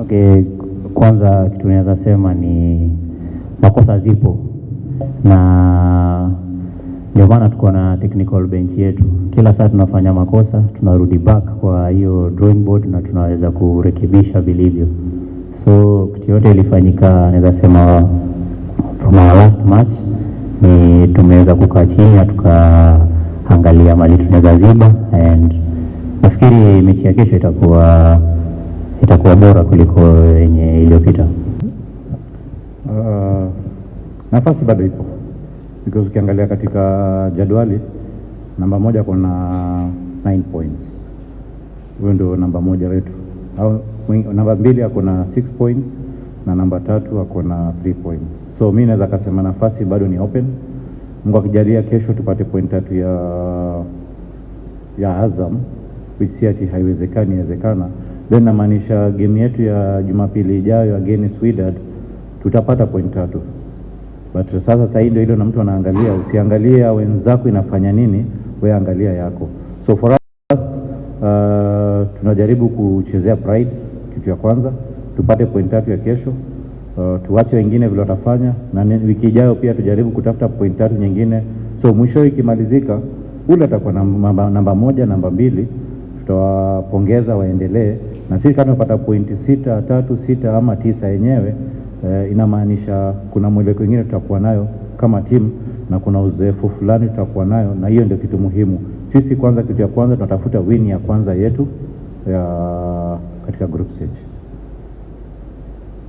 Okay, kwanza kitu naweza sema ni makosa zipo na ndio maana tuko na technical bench yetu. Kila saa tunafanya makosa, tunarudi back kwa hiyo drawing board na tunaweza kurekebisha vilivyo. So kitu yote ilifanyika, naweza sema from our last match ni tumeweza kukaa chini na tukaangalia mali tunaweza ziba, and nafikiri mechi ya kesho itakuwa itakuwa bora kuliko eh, yenye iliyopita. Uh, nafasi bado ipo because ukiangalia katika jadwali namba moja kuna 9 points, huyo ndio namba moja wetu, au namba mbili ako na 6 points na namba tatu ako na 3 points. So mi naweza kasema nafasi bado ni open. Mungu akijalia kesho tupate point tatu ya ya Azam, which si ati haiwezekani, inawezekana then namaanisha game yetu ya Jumapili ijayo against Wydad tutapata point tatu, but sasa sasa hii ndio ile na mtu anaangalia, usiangalie wenzako inafanya nini, wewe angalia yako. So for us uh, tunajaribu kuchezea pride, kitu ya kwanza tupate point tatu ya kesho. Uh, tuwache wengine vile watafanya, na wiki ijayo pia tujaribu kutafuta point tatu nyingine, so mwisho ikimalizika ule atakuwa namba, namba moja namba mbili, tutawapongeza waendelee na sisi kama tumepata pointi sita tatu sita ama tisa yenyewe e, inamaanisha kuna mwelekeo mwingine tutakuwa nayo kama timu na kuna uzoefu fulani tutakuwa nayo, na hiyo ndio kitu muhimu. Sisi kwanza, kitu ya kwanza tunatafuta win ya kwanza yetu ya katika group stage.